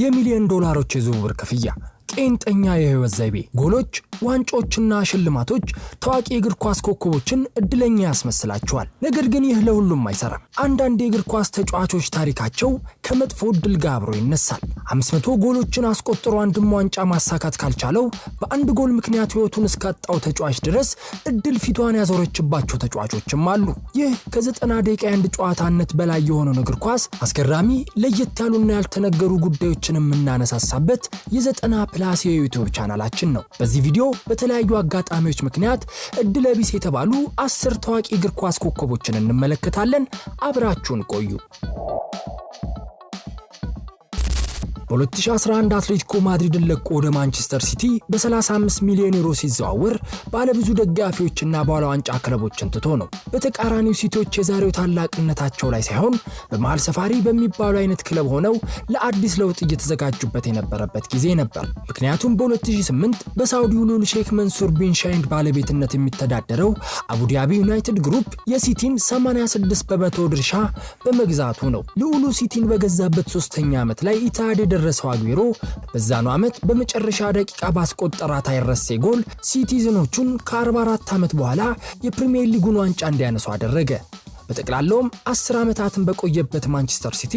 የሚሊዮን ዶላሮች የዝውውር ክፍያ፣ ቄንጠኛ የህይወት ዘይቤ፣ ጎሎች ዋንጮችና ሽልማቶች ታዋቂ የእግር ኳስ ኮከቦችን እድለኛ ያስመስላቸዋል። ነገር ግን ይህ ለሁሉም አይሰራም። አንዳንድ የእግር ኳስ ተጫዋቾች ታሪካቸው ከመጥፎ እድል ጋር አብሮ ይነሳል። 500 ጎሎችን አስቆጥሮ አንድም ዋንጫ ማሳካት ካልቻለው በአንድ ጎል ምክንያት ህይወቱን እስካጣው ተጫዋች ድረስ እድል ፊቷን ያዞረችባቸው ተጫዋቾችም አሉ። ይህ ከ90 ደቂቃ የአንድ ጨዋታነት በላይ የሆነውን እግር ኳስ አስገራሚ፣ ለየት ያሉና ያልተነገሩ ጉዳዮችን የምናነሳሳበት የ90 ፕላስ የዩቲዩብ ቻናላችን ነው። በዚህ ቪዲዮ በተለያዩ አጋጣሚዎች ምክንያት እድለቢስ የተባሉ አስር ታዋቂ እግር ኳስ ኮከቦችን እንመለከታለን። አብራችሁን ቆዩ። በ2011 አትሌቲኮ ማድሪድን ለቆ ወደ ማንቸስተር ሲቲ በ35 ሚሊዮን ዩሮ ሲዘዋወር ባለብዙ ደጋፊዎችና ባለ ዋንጫ ክለቦችን ትቶ ነው። በተቃራኒው ሲቲዎች የዛሬው ታላቅነታቸው ላይ ሳይሆን በመሃል ሰፋሪ በሚባሉ አይነት ክለብ ሆነው ለአዲስ ለውጥ እየተዘጋጁበት የነበረበት ጊዜ ነበር። ምክንያቱም በ2008 በሳውዲው ልዑል ሼክ መንሱር ቢን ሻይንድ ባለቤትነት የሚተዳደረው አቡዲቢ ዩናይትድ ግሩፕ የሲቲን 86 በመቶ ድርሻ በመግዛቱ ነው። ልዑሉ ሲቲን በገዛበት ሶስተኛ ዓመት ላይ ኢታድ ያደረሰው አግቢሮ በዛኑ ዓመት በመጨረሻ ደቂቃ ባስቆጠራት አይረሴ ጎል ሲቲዝኖቹን ከ44 ዓመት በኋላ የፕሪምየር ሊጉን ዋንጫ እንዲያነሱ አደረገ። በጠቅላላውም አስር ዓመታትን በቆየበት ማንቸስተር ሲቲ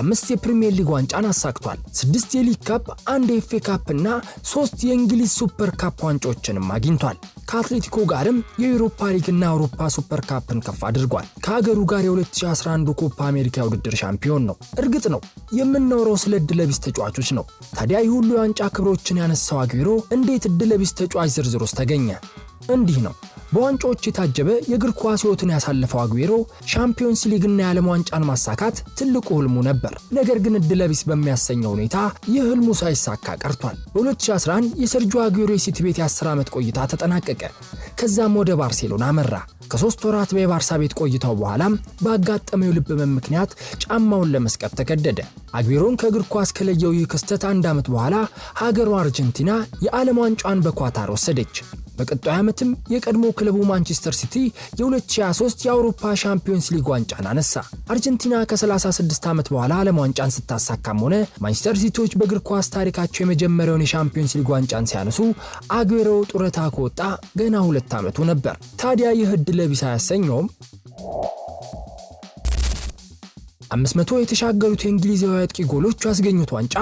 አምስት የፕሪምየር ሊግ ዋንጫን አሳክቷል። ስድስት የሊግ ካፕ፣ አንድ የኤፍኤ ካፕ እና ሶስት የእንግሊዝ ሱፐር ካፕ ዋንጫዎችንም አግኝቷል። ከአትሌቲኮ ጋርም የዩሮፓ ሊግና አውሮፓ ሱፐር ካፕን ከፍ አድርጓል። ከሀገሩ ጋር የ2011 ኮፓ አሜሪካ ውድድር ሻምፒዮን ነው። እርግጥ ነው የምናወራው ስለ እድለቢስ ተጫዋቾች ነው። ታዲያ ይህ ሁሉ የዋንጫ ክብሮችን ያነሳው አግቢሮ እንዴት እድለቢስ ተጫዋች ዝርዝር ውስጥ ተገኘ? እንዲህ ነው። በዋንጫዎች የታጀበ የእግር ኳስ ሕይወትን ያሳለፈው አግቤሮ ሻምፒዮንስ ሊግና የዓለም ዋንጫን ማሳካት ትልቁ ህልሙ ነበር። ነገር ግን እድለቢስ በሚያሰኘው ሁኔታ ይህ ህልሙ ሳይሳካ ቀርቷል። በ2011 የሰርጆ አጉዌሮ የሲቲ ቤት የ10 ዓመት ቆይታ ተጠናቀቀ። ከዛም ወደ ባርሴሎና አመራ። ከሶስት ወራት በየባርሳ ቤት ቆይታው በኋላም ባጋጠመው ልብ ህመም ምክንያት ጫማውን ለመስቀት ተገደደ። አጉዌሮን ከእግር ኳስ ከለየው ይህ ክስተት አንድ ዓመት በኋላ ሀገሯ አርጀንቲና የዓለም ዋንጫን በኳታር ወሰደች። በቀጣዩ ዓመትም የቀድሞ ክለቡ ማንቸስተር ሲቲ የ2023 የአውሮፓ ሻምፒዮንስ ሊግ ዋንጫን አነሳ። አርጀንቲና ከ36 ዓመት በኋላ ዓለም ዋንጫን ስታሳካም ሆነ ማንቸስተር ሲቲዎች በእግር ኳስ ታሪካቸው የመጀመሪያውን የሻምፒዮንስ ሊግ ዋንጫን ሲያነሱ አጉዌሮ ጡረታ ከወጣ ገና ሁለት ዓመቱ ነበር። ታዲያ ይህ ዕድለ ቢስ አያሰኘውም? 500 የተሻገሩት የእንግሊዛዊ አጥቂ ጎሎች ያስገኙት ዋንጫ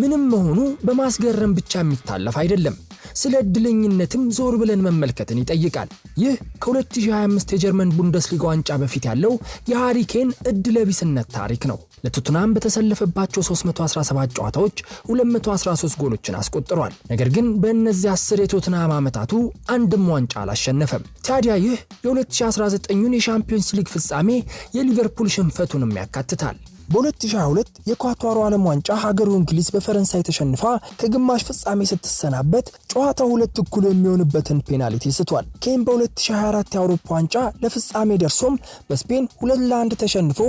ምንም መሆኑ በማስገረም ብቻ የሚታለፍ አይደለም። ስለ እድለኝነትም ዞር ብለን መመልከትን ይጠይቃል። ይህ ከ2025 የጀርመን ቡንደስሊጋ ዋንጫ በፊት ያለው የሃሪኬን እድለቢስነት ታሪክ ነው። ለቶትናም በተሰለፈባቸው 317 ጨዋታዎች 213 ጎሎችን አስቆጥሯል። ነገር ግን በእነዚህ አስር የቶትናም ዓመታቱ አንድም ዋንጫ አላሸነፈም። ታዲያ ይህ የ2019ን የሻምፒዮንስ ሊግ ፍጻሜ የሊቨርፑል ሽንፈቱንም ያካትታል። በ2022 የኳታሩ ዓለም ዋንጫ ሀገሩ እንግሊዝ በፈረንሳይ ተሸንፋ ከግማሽ ፍጻሜ ስትሰናበት ጨዋታው ሁለት እኩል የሚሆንበትን ፔናልቲ ስቷል። ኬን በ2024 የአውሮፓ ዋንጫ ለፍጻሜ ደርሶም በስፔን ሁለት ለአንድ ተሸንፎ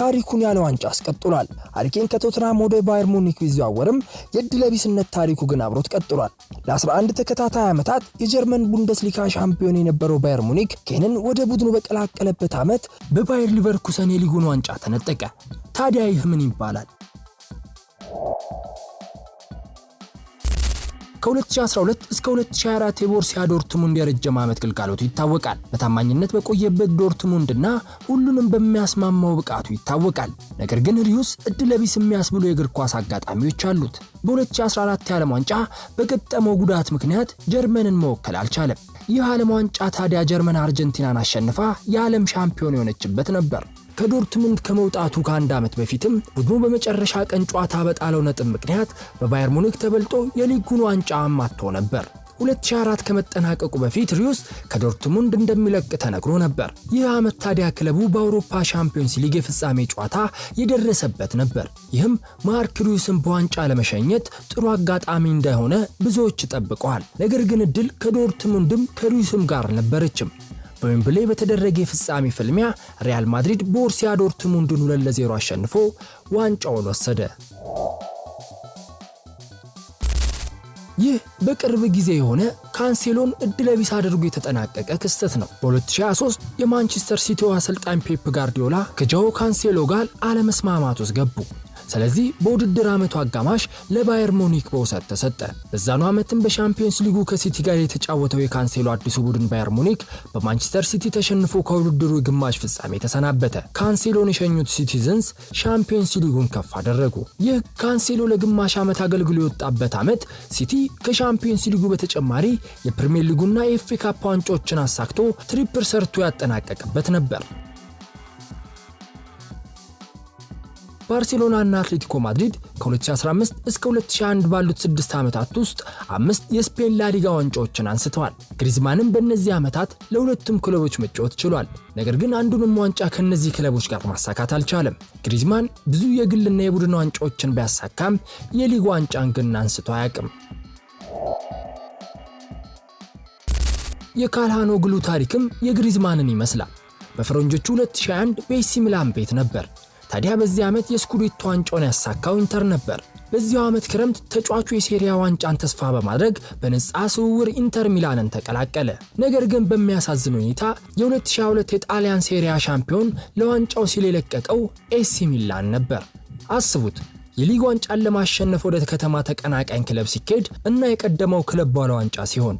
ታሪኩን ያለ ዋንጫ አስቀጥሏል። አሪኬን ከቶትናም ወደ ባየር ሙኒክ ቢዘዋወርም የድለቢስነት ታሪኩ ግን አብሮት ቀጥሏል። ለ11 ተከታታይ ዓመታት የጀርመን ቡንደስሊካ ሻምፒዮን የነበረው ባየር ሙኒክ ኬንን ወደ ቡድኑ በቀላቀለበት ዓመት በባየር ሊቨርኩሰን የሊጉን ዋንጫ ተነጠቀ። ታዲያ ይህ ምን ይባላል? ከ2012 እስከ 2024 የቦርሲያ ዶርትሙንድ የረጅም ዓመት ግልጋሎቱ ይታወቃል። በታማኝነት በቆየበት ዶርትሙንድና ሁሉንም በሚያስማማው ብቃቱ ይታወቃል። ነገር ግን ሪዩስ እድለቢስ የሚያስብሉ የእግር ኳስ አጋጣሚዎች አሉት። በ2014 የዓለም ዋንጫ በገጠመው ጉዳት ምክንያት ጀርመንን መወከል አልቻለም። ይህ ዓለም ዋንጫ ታዲያ ጀርመን አርጀንቲናን አሸንፋ የዓለም ሻምፒዮን የሆነችበት ነበር። ከዶርትሙንድ ከመውጣቱ ከአንድ ዓመት በፊትም ቡድኑ በመጨረሻ ቀን ጨዋታ በጣለው ነጥብ ምክንያት በባየር ሙኒክ ተበልጦ የሊጉን ዋንጫ አማቶ ነበር። 2004 ከመጠናቀቁ በፊት ሪዩስ ከዶርትሙንድ እንደሚለቅ ተነግሮ ነበር። ይህ ዓመት ታዲያ ክለቡ በአውሮፓ ሻምፒዮንስ ሊግ የፍጻሜ ጨዋታ የደረሰበት ነበር። ይህም ማርክ ሪዩስን በዋንጫ ለመሸኘት ጥሩ አጋጣሚ እንደሆነ ብዙዎች ጠብቀዋል። ነገር ግን እድል ከዶርትሙንድም ከሪዩስም ጋር ነበረችም። በዌምብሌ በተደረገ የፍጻሜ ፍልሚያ ሪያል ማድሪድ ቦርሲያ ዶርትሙንድን ሁለት ለዜሮ አሸንፎ ዋንጫውን ወሰደ። ይህ በቅርብ ጊዜ የሆነ ካንሴሎን እድለቢስ አድርጎ የተጠናቀቀ ክስተት ነው። በ2023 የማንቸስተር ሲቲው አሰልጣኝ ፔፕ ጋርዲዮላ ከጃው ካንሴሎ ጋር አለመስማማት ውስጥ ገቡ። ስለዚህ በውድድር ዓመቱ አጋማሽ ለባየር ሙኒክ በውሰት ተሰጠ። በዛኑ ዓመትም በሻምፒዮንስ ሊጉ ከሲቲ ጋር የተጫወተው የካንሴሎ አዲሱ ቡድን ባየር ሙኒክ በማንቸስተር ሲቲ ተሸንፎ ከውድድሩ ግማሽ ፍጻሜ ተሰናበተ። ካንሴሎን የሸኙት ሲቲዝንስ ሻምፒዮንስ ሊጉን ከፍ አደረጉ። ይህ ካንሴሎ ለግማሽ ዓመት አገልግሎ የወጣበት ዓመት ሲቲ ከሻምፒዮንስ ሊጉ በተጨማሪ የፕሪሚየር ሊጉና የኤፍኤ ካፕ ዋንጫዎችን አሳክቶ ትሪፕር ሰርቶ ያጠናቀቅበት ነበር። ባርሴሎና እና አትሌቲኮ ማድሪድ ከ2015 እስከ 2021 ባሉት ስድስት ዓመታት ውስጥ አምስት የስፔን ላሊጋ ዋንጫዎችን አንስተዋል። ግሪዝማንም በእነዚህ ዓመታት ለሁለቱም ክለቦች መጫወት ችሏል። ነገር ግን አንዱንም ዋንጫ ከእነዚህ ክለቦች ጋር ማሳካት አልቻለም። ግሪዝማን ብዙ የግልና የቡድን ዋንጫዎችን ቢያሳካም የሊግ ዋንጫን ግን አንስቶ አያውቅም። የካልሃኖግሉ ታሪክም የግሪዝማንን ይመስላል። በፈረንጆቹ 2021 በኤሲ ሚላን ቤት ነበር ታዲያ በዚህ ዓመት የስኩዴቶ ዋንጫውን ያሳካው ኢንተር ነበር። በዚያው ዓመት ክረምት ተጫዋቹ የሴሪያ ዋንጫን ተስፋ በማድረግ በነፃ ስውውር ኢንተር ሚላንን ተቀላቀለ። ነገር ግን በሚያሳዝን ሁኔታ የ2022 የጣሊያን ሴሪያ ሻምፒዮን ለዋንጫው ሲል የለቀቀው ኤሲ ሚላን ነበር። አስቡት የሊግ ዋንጫን ለማሸነፍ ወደ ከተማ ተቀናቃኝ ክለብ ሲኬድ እና የቀደመው ክለብ ባለ ዋንጫ ሲሆን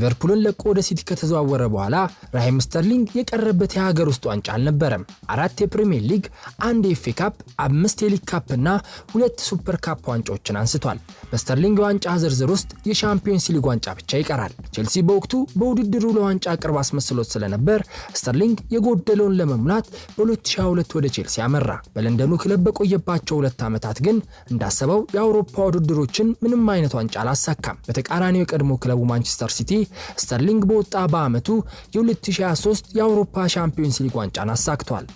ሊቨርፑልን ለቆ ወደ ሲቲ ከተዘዋወረ በኋላ ራሂም ስተርሊንግ የቀረበት የሀገር ውስጥ ዋንጫ አልነበረም። አራት የፕሪሚየር ሊግ፣ አንድ የኤፌ ካፕ፣ አምስት የሊግ ካፕና ሁለት ሱፐር ካፕ ዋንጫዎችን አንስቷል። በስተርሊንግ የዋንጫ ዝርዝር ውስጥ የሻምፒዮንስ ሊግ ዋንጫ ብቻ ይቀራል። ቼልሲ በወቅቱ በውድድሩ ለዋንጫ ቅርብ አስመስሎት ስለነበር ስተርሊንግ የጎደለውን ለመሙላት በ2022 ወደ ቼልሲ አመራ። በለንደኑ ክለብ በቆየባቸው ሁለት ዓመታት ግን እንዳሰበው የአውሮፓ ውድድሮችን ምንም አይነት ዋንጫ አላሳካም። በተቃራኒው የቀድሞ ክለቡ ማንቸስተር ሲቲ ስተርሊንግ በወጣ በዓመቱ የ2023 የአውሮፓ ሻምፒዮንስ ሊግ ዋንጫን አሳክቷል።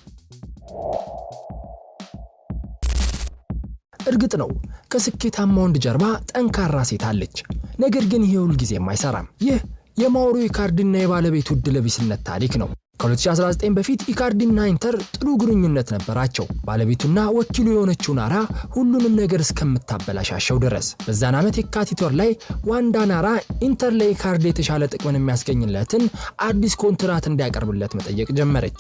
እርግጥ ነው ከስኬታማ ወንድ ጀርባ ጠንካራ ሴት አለች። ነገር ግን ይህ ሁልጊዜም አይሰራም። ይህ የማውሮ የባለቤት የባለቤቱ ዕድለቢስነት ታሪክ ነው። ከ2019 በፊት ኢካርዲና ኢንተር ጥሩ ግንኙነት ነበራቸው። ባለቤቱና ወኪሉ የሆነችው ናራ ሁሉንም ነገር እስከምታበላሻሸው ድረስ በዛን ዓመት የካቲት ወር ላይ ዋንዳ ናራ ኢንተር ለኢካርዲ የተሻለ ጥቅምን የሚያስገኝለትን አዲስ ኮንትራት እንዲያቀርብለት መጠየቅ ጀመረች።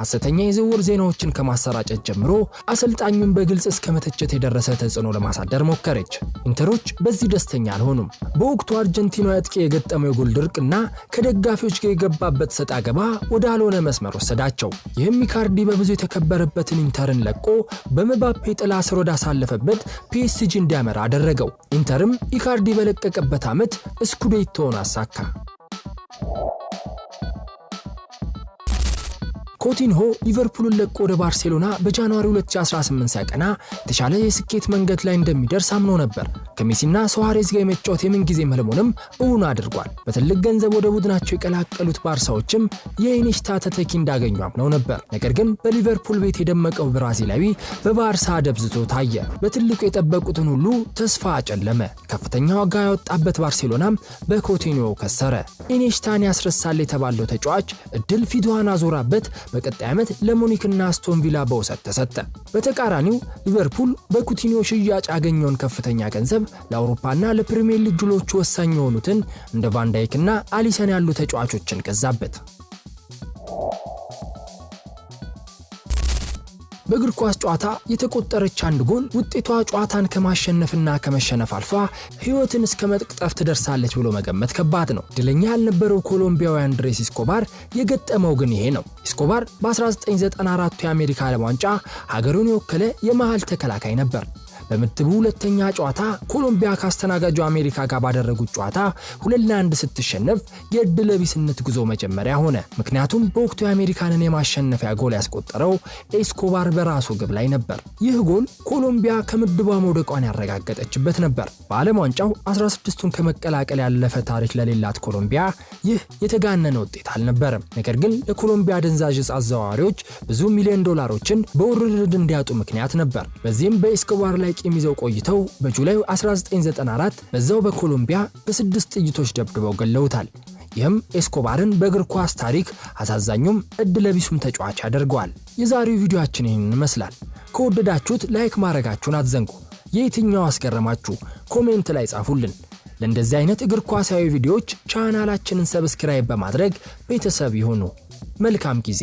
ሐሰተኛ የዝውውር ዜናዎችን ከማሰራጨት ጀምሮ አሰልጣኙን በግልጽ እስከ መተቸት የደረሰ ተጽዕኖ ለማሳደር ሞከረች። ኢንተሮች በዚህ ደስተኛ አልሆኑም። በወቅቱ አርጀንቲና አጥቂ የገጠመው የጎል ድርቅና ከደጋፊዎች ጋር የገባበት ሰጣገባ ገባ ወደ ወዳልሆነ መስመር ወሰዳቸው። ይህም ኢካርዲ በብዙ የተከበረበትን ኢንተርን ለቆ በመባፔ ጥላ ስር ወዳሳለፈበት ፒኤስጂ እንዲያመራ አደረገው። ኢንተርም ኢካርዲ በለቀቀበት ዓመት እስኩዴቶውን አሳካ። ኮቲንሆ ሊቨርፑልን ለቆ ወደ ባርሴሎና በጃንዋሪ 2018 ሲያቀና የተሻለ የስኬት መንገድ ላይ እንደሚደርስ አምኖ ነበር። ከሜሲና ሶዋሬዝ ጋር የመጫወት የምንጊዜም ህልሙንም እውን አድርጓል። በትልቅ ገንዘብ ወደ ቡድናቸው የቀላቀሉት ባርሳዎችም የኢኒስታ ተተኪ እንዳገኙ አምነው ነበር። ነገር ግን በሊቨርፑል ቤት የደመቀው ብራዚላዊ በባርሳ ደብዝቶ ታየ። በትልቁ የጠበቁትን ሁሉ ተስፋ አጨለመ። ከፍተኛ ዋጋ ያወጣበት ባርሴሎናም በኮቲንሆ ከሰረ። ኢኒሽታን ያስረሳል የተባለው ተጫዋች እድል ፊቷን አዞራበት። በቀጣይ ዓመት ለሙኒክና አስቶን ቪላ በውሰት ተሰጠ። በተቃራኒው ሊቨርፑል በኩቲኒዮ ሽያጭ ያገኘውን ከፍተኛ ገንዘብ ለአውሮፓና ለፕሪምየር ሊግ ድሎቹ ወሳኝ የሆኑትን እንደ ቫንዳይክና አሊሰን ያሉ ተጫዋቾችን ገዛበት። በእግር ኳስ ጨዋታ የተቆጠረች አንድ ጎል ውጤቷ ጨዋታን ከማሸነፍና ከመሸነፍ አልፋ ሕይወትን እስከ መቅጠፍ ትደርሳለች ብሎ መገመት ከባድ ነው። ድለኛ ያልነበረው ኮሎምቢያዊ አንድሬስ ኢስኮባር የገጠመው ግን ይሄ ነው። ኢስኮባር በ1994 የአሜሪካ ዓለም ዋንጫ ሀገሩን የወከለ የመሃል ተከላካይ ነበር። በምድቡ ሁለተኛ ጨዋታ ኮሎምቢያ ካስተናጋጁ አሜሪካ ጋር ባደረጉት ጨዋታ ሁለት ለአንድ ስትሸነፍ የዕድለ ቢስነት ጉዞ መጀመሪያ ሆነ። ምክንያቱም በወቅቱ የአሜሪካንን የማሸነፊያ ጎል ያስቆጠረው ኤስኮባር በራሱ ግብ ላይ ነበር። ይህ ጎል ኮሎምቢያ ከምድቧ መውደቋን ያረጋገጠችበት ነበር። በዓለም ዋንጫው 16ቱን ከመቀላቀል ያለፈ ታሪክ ለሌላት ኮሎምቢያ ይህ የተጋነነ ውጤት አልነበረም። ነገር ግን ለኮሎምቢያ ደንዛዥ እጽ አዘዋዋሪዎች ብዙ ሚሊዮን ዶላሮችን በውርርድ እንዲያጡ ምክንያት ነበር። በዚህም በኤስኮባር ላይ ቂም ይዘው ቆይተው በጁላይ 1994 በዛው በኮሎምቢያ በስድስት ጥይቶች ደብድበው ገለውታል። ይህም ኤስኮባርን በእግር ኳስ ታሪክ አሳዛኙም እድለቢሱም ተጫዋች አድርገዋል። የዛሬው ቪዲዮአችን ይህን ይመስላል። ከወደዳችሁት ላይክ ማድረጋችሁን አትዘንጉ። የየትኛው አስገረማችሁ? ኮሜንት ላይ ጻፉልን። ለእንደዚህ አይነት እግር ኳሳዊ ቪዲዮዎች ቻናላችንን ሰብስክራይብ በማድረግ ቤተሰብ ይሁኑ። መልካም ጊዜ